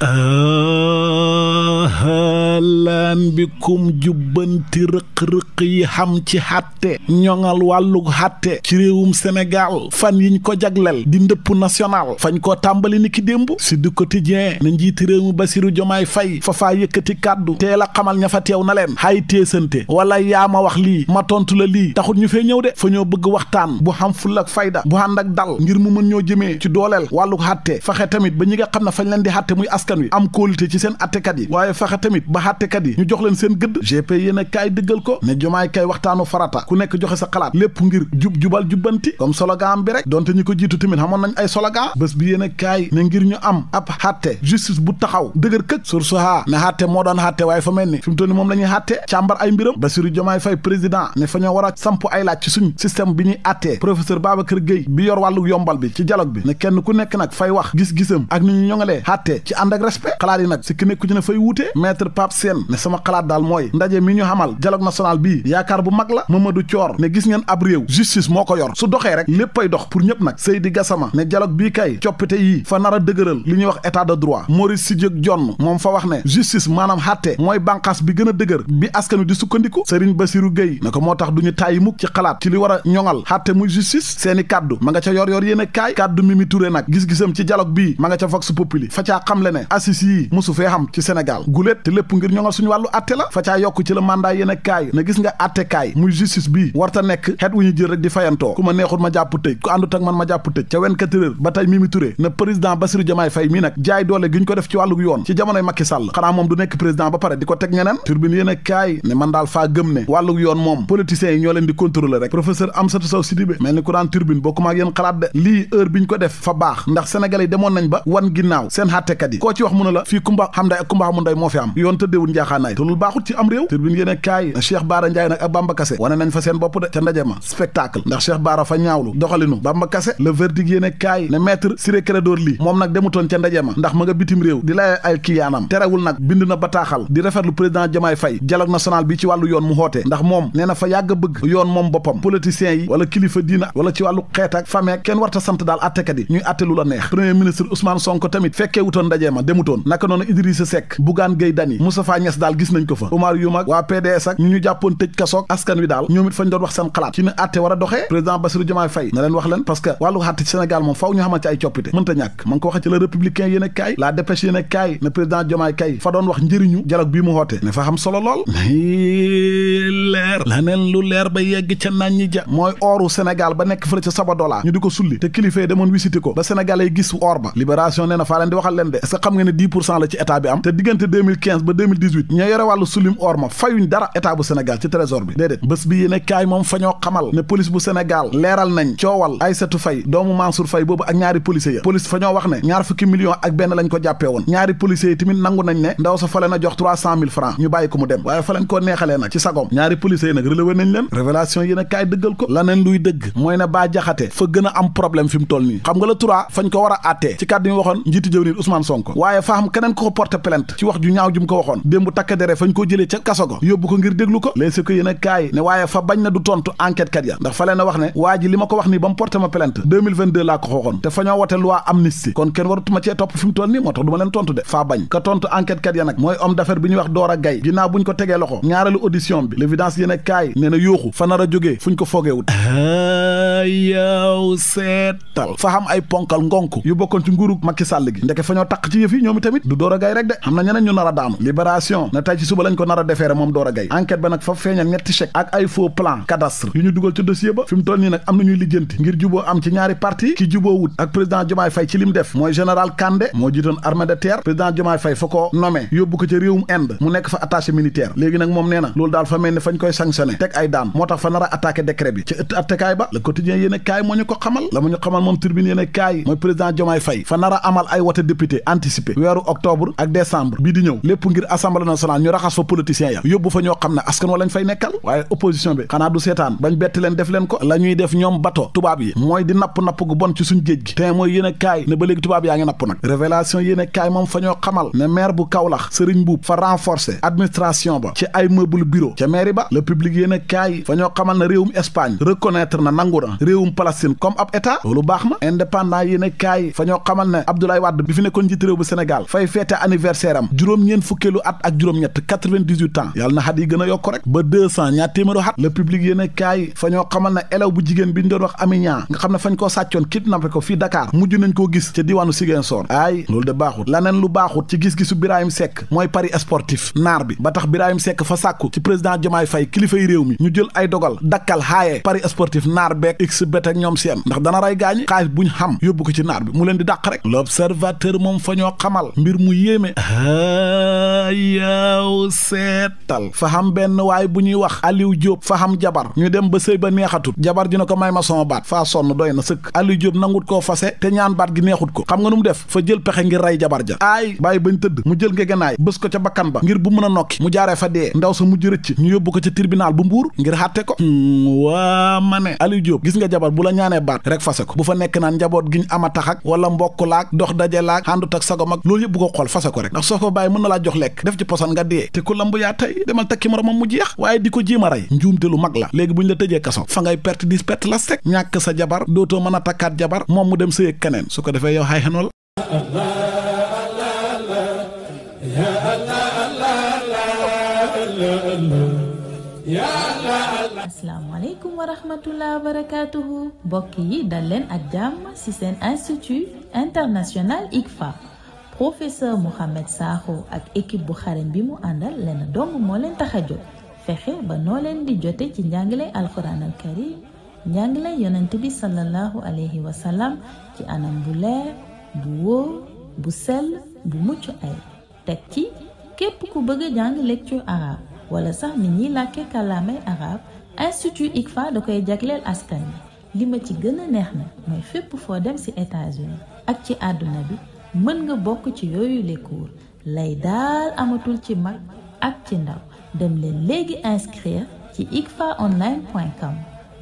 lan bikum jubbanti rëq-rëq yi xam ci xàtte ñoŋal wàllu xàtte ci réewum Sénégal fan yiñ ko jagleel di ndëpp national fañ koo tàmbali ni ki démb si du quotidien na njiiti réew mi Basiru Jomaay Fay fafaa yëkkati kàddu teel a xamal ña fa teew na leen hay téesante wala yaa ma wax lii ma tontu la lii taxut ñu fee ñëw de fa ñoo bëgg waxtaan bu xam ful ak fayda bu ànd ak dal ngir mu mën ñoo jëmee ci dooleel wàllu xàtte faxe tamit ba ñi nga xam ne fañ leen di xàtte muy as askan wi am kóolite ci seen attekat yi waaye fexe tamit ba attekat yi ñu jox leen seen gëdd gp yéen dëggal ko ne jomaay kay waxtaanu farata ku nekk joxe sa xalaat lépp ngir jub-jubal jubbanti comme slogan bi rek donte ñi ko jiitu tamit xamoon nañ ay slogan bés bi yéen a kaay ne ngir ñu am ab xatte justice bu taxaw dëgër këk sur ne xatte moo doon xatte waaye fa mel ni fi moom la ñuy xatte ay mbiram Bassirou Diomaye fa a samp ay laaj ci bi ñuy attee professeur Babacar Gueye bi yor wàllu yombal bi ci ak respect xalaat yi nag si ki ne ku ci ne fay wuute maître Pape Sène ne sama xalaat daal mooy ndaje mi ñu xamal dialogue national bii yaakaar bu mag la Mamadou Thior ne gis ngeen ab réew justice moo ko yor su doxee rek léppay dox pour ñëpp nag Seydi Gassama ne dialogue bii kay coppite yii fa nar a dëgëral li ñuy wax état de droit Maurice Sidiock Dione moom fa wax ne justice maanaam xàtte mooy bànqaas bi gën a dëgër bi askan wi di sukkandiku Serigne Bassirou Gueye ne ko moo tax du ñu tàyyi mukk ci xalaat ci li war a seeni kàddu ma nga ca yor yor yéen a nag gis-gisam ci dialogue bii ma nga ca Vox Populi fa caa xamle ne assises yi mosu fee xam ci Sénégal guléet te lépp ngir ñoŋal suñu wàllu atte la fa caa yokk ci la mandat a kaay na gis nga atte kaay muy justice bii warta nekk xeet wu ñu jël rek di fayantoo ku ma neexul ma jàpp tëj ku àndut ak man ma jàpp tëj ca 24 heures ba tey Mimi Touré na président Bassirou Diomaye Faye mi nag jaay doole gi ko def ci wàllu yoon ci jamonoy Macky Sall xanaa moom du nekk président ba pare di ko teg ñeneen turbine yéen a kaay ne man daal faa gëm ne wàllu yoon moom politiciens yi ñoo leen di contrôler rek def fa baax ndax sénégalais yi demoon ba wan ginnaaw seen àttekat yi ci wax mu ne la fii kumba xam nday ak kumba xamu nday moo fi am yoon tëddeewul njaaxaanaay te loolu baaxut ci am réew turbine yéen e kaay Cheikh Baara Ndiaye nag ak Bamba Kassé wane nañ fa seen bopp de ca ndaje ma spectacle ndax Cheikh Baara fa ñaawlu doxalinu Bamba Kassé le verdict kaay ne maître Ciré Clédor Ly moom nag demutoon ca ndaje ma ndax ma nga bitim réew di lay ay kiliyaanam terewul nag bind na bataaxal di rafetlu président Diomaye Faye dialogue national bi ci wàllu yoon mu xoote ndax moom nee na fa yàgg bëgg yoon moom boppam politiciens yi wala kilifa diina wala ci wàllu demutoon naka noonu Idrissa Seck Bougane Gueye Dany Moustapha Niass daal gis nañ ko fa Omar Youm ak waa PDS ak ñu ñu jàppoon tëj kasoog askan wi daal ñoom it fañ doon wax seen xalaat ci ne àtte war a doxee président Bassirou Diomaye Faye na leen wax leen parce que wàllu àtte ci moom faaw ñu xamante ay coppite mënta ñàkk ma ko waxee ci la républicain yéen kaay la dépêche yéen kaay ne président Diomaye kay fa doon wax njëriñu dialogue bii mu woote ne fa lu leer ba yegg ca naan ba nekk fële ca Sabodala ñu di ko sulli nga ne 10 pour cent la ci état bi am te diggante ba 2018 yore wàllu sulim or ma fayuñ dara état bu Sénégal ci trésor bi déedéet bés bi yéene kaay moom fa ñoo xamal ne police bu Sénégal leeral nañ coowal Aysatu Fay doomu Mansour Fay boobu ak ñaari policiers ya police fa wax ne ñaar fukki millions ak benn lañ ko jàppee woon ñaari policiers yi tamit nangu nañ ne ndaw sa fa leen a jox 300 000 francs ñu bàyyi ko mu dem waaye fa leen koo neexalee nag ci sagom ñaari policiers yi nag am problème fi mu toll nii xam nga la trois fañ ko war a àttee ci kàddu ñu waxoon njiitu jëw waaye fa am ko ko porte plainte ci wax ju ñaaw ju ko waxoon démb takk dere fañ ko jëlee ca kaso ko yóbbu ko ngir déglu ko léeg si ko yéen a kaay ne waaye fa bañ na du tontu enquête kat ya ndax fa leen a wax ne waa ji li ma ko wax nii ba mu porte ma plainte laa ko xooxoon te fa ñoo wote loi amnistie kon kenn warutuma cee topp fi mu nii moo tax du leen tontu de faa bañ ka tontu enquête kat ya nag mooy homme d'affaires bi ñuy wax Dora a kaay nee a jógee fuñ ko ah, yu bokkoon ci nguuru Macky Sall gi jóge fii ñoom tamit du Dora Gaye de am na ñeneen ñu nar a daanu libération na tey ci suba lañ ko nar a defeere moom Dora Gaye ba nag fa feeñal ñetti chèque ak ay faux plan cadastre yu ñu dugal ci dossier ba fi mu toll am na ñuy lijjanti ngir juboo am ci ñaari parti ki juboo wut ak président Diomaye Faye ci lim def mooy général Kandé moo jiitoon armée de terre président Diomaye Faye yóbbu ko ca réewum Inde mu nekk fa attaché militaire participer weeru octobre ak décembre bii di ñëw lépp ngir assemblée nationale ñu raxas fa politiciens ya yóbbu fa ñoo xam ne askan wa lañ fay nekkal waaye opposition bi xanaa du seetaan bañ betti leen def leen ko la def ñoom bato tubaab yi mooy di napp-napp gu bon ci suñ géej gi te mooy kaay ne ba léegi tubaab yaa ngi napp nag révélation yéen kaay moom fa ñoo xamal ne maire bu Kaolack Serigne Mboup fa renforcer administration ba ci ay meuble bureau ca mairie Sénégal fay feete anniversaire am juróom-ñeen fukkeelu at ak juróom-ñett 98 ans yàlla na xat yi gën a yokk rek ba 200 ñaar téeméeru xat le public yéen kaay fa ñoo xamal na elew bu jigéen bi ñu doon wax Aminia nga xam ne fañ koo sàccoon kidnappé ko fii Dakar mujj nañ koo gis ca diwaanu Ziguinchor aay loolu de baaxut laneen lu baaxut ci gis-gisu Birahim Seck mooy pari sportif naar bi ba tax Birahim sekk fa sàkku ci président Diomaye Faye kilifa yi réew mi ñu jël ay dogal dakkal xaaye pari sportif naar beeg x bet ñoom seen ndax dana ray gaañi xaalis xam yóbbu ko ci naar bi mu leen di dàq rek l'observateur moom fa xamal mbir mu yéeme ah, yaaw seetal fa xam benn waay bu ñuy wax Aliou Diop fa xam jabar ñu dem ba sëy ba neexatut jabar ji dina ko may ma sama baat fa sonn doy na sëkk Aliou Diop nangut koo fase te ñaan baat gi neexut ko xam nga nu mu def fa jël pexe ngir rey jabar ja aay bàyyi bañ tëdd mu jël ngeganaay bés ko ca bakkan ba ngir bu mën a nokki mu jaaree fa dee ndaw sa mujj rëcc ñu yóbbu ko ca tribunal bu mbuur ngir xàtte ko hmm, waa ma ne Aliou Diop gis nga jabar bu la ñaanee baat rek fase ko bu fa nekk naan njaboot giñ ama tax ak wala mbokk laak dox daje laak ak sago mag loolu yëpp ko xool fase ko rek ndax soo ko bàyyi mën na laa jox lekk def ci posan nga dee te ku lamb yaa tey demal takki moromam mu jeex waaye di ko jéem a rey njuumte lu mag la léegi bu ñu la tëjee kaso fa ngay perte dis perte la sec ñàkk sa jabar dootoo mën a takkaat jabar moom mu dem sëy keneen su ko defee yow xay xenoo la asalaamaaleykum wa rahmatullah wa barakatuhu mbokk yi dal leen ak jàmm ci professeur Mouhamed Sakho ak équipe bu xarañ bi mu àndal lenn dong moo leen tax a jóg fexe ba noo leen di jote ci njàngale alquran al karim yonent bi sallallahu alayhi wa sallam ci anam bu leer bu wóor bu sell bu mucc ay teg ci képp ku bëgg a jàng lecture arabe wala sax ni ñiy làkke kàllaamay arabe institut ICFA da koy jagleel askan bi li ma ci gën a neex na mooy fépp foo dem ci États-Unis ak ci àdduna bi mën nga bokk ci yooyu les cours lay daal amatul ci mag ak ci ndaw dem leen léegi inscrir ci icfaonline.com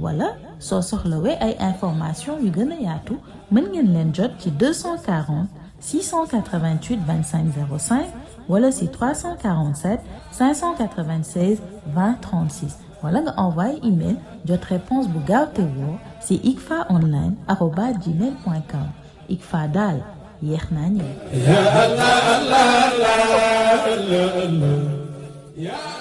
wala soo soxlawee ay information yu gën a yaatu mën ngeen leen jot ci 240 688 25 05 wala si 347 596 20 36 wala nga envoyé email jot réponse bu gaaw te woo si icfaonline arobas gmail com icfa daal yéex naa ñëw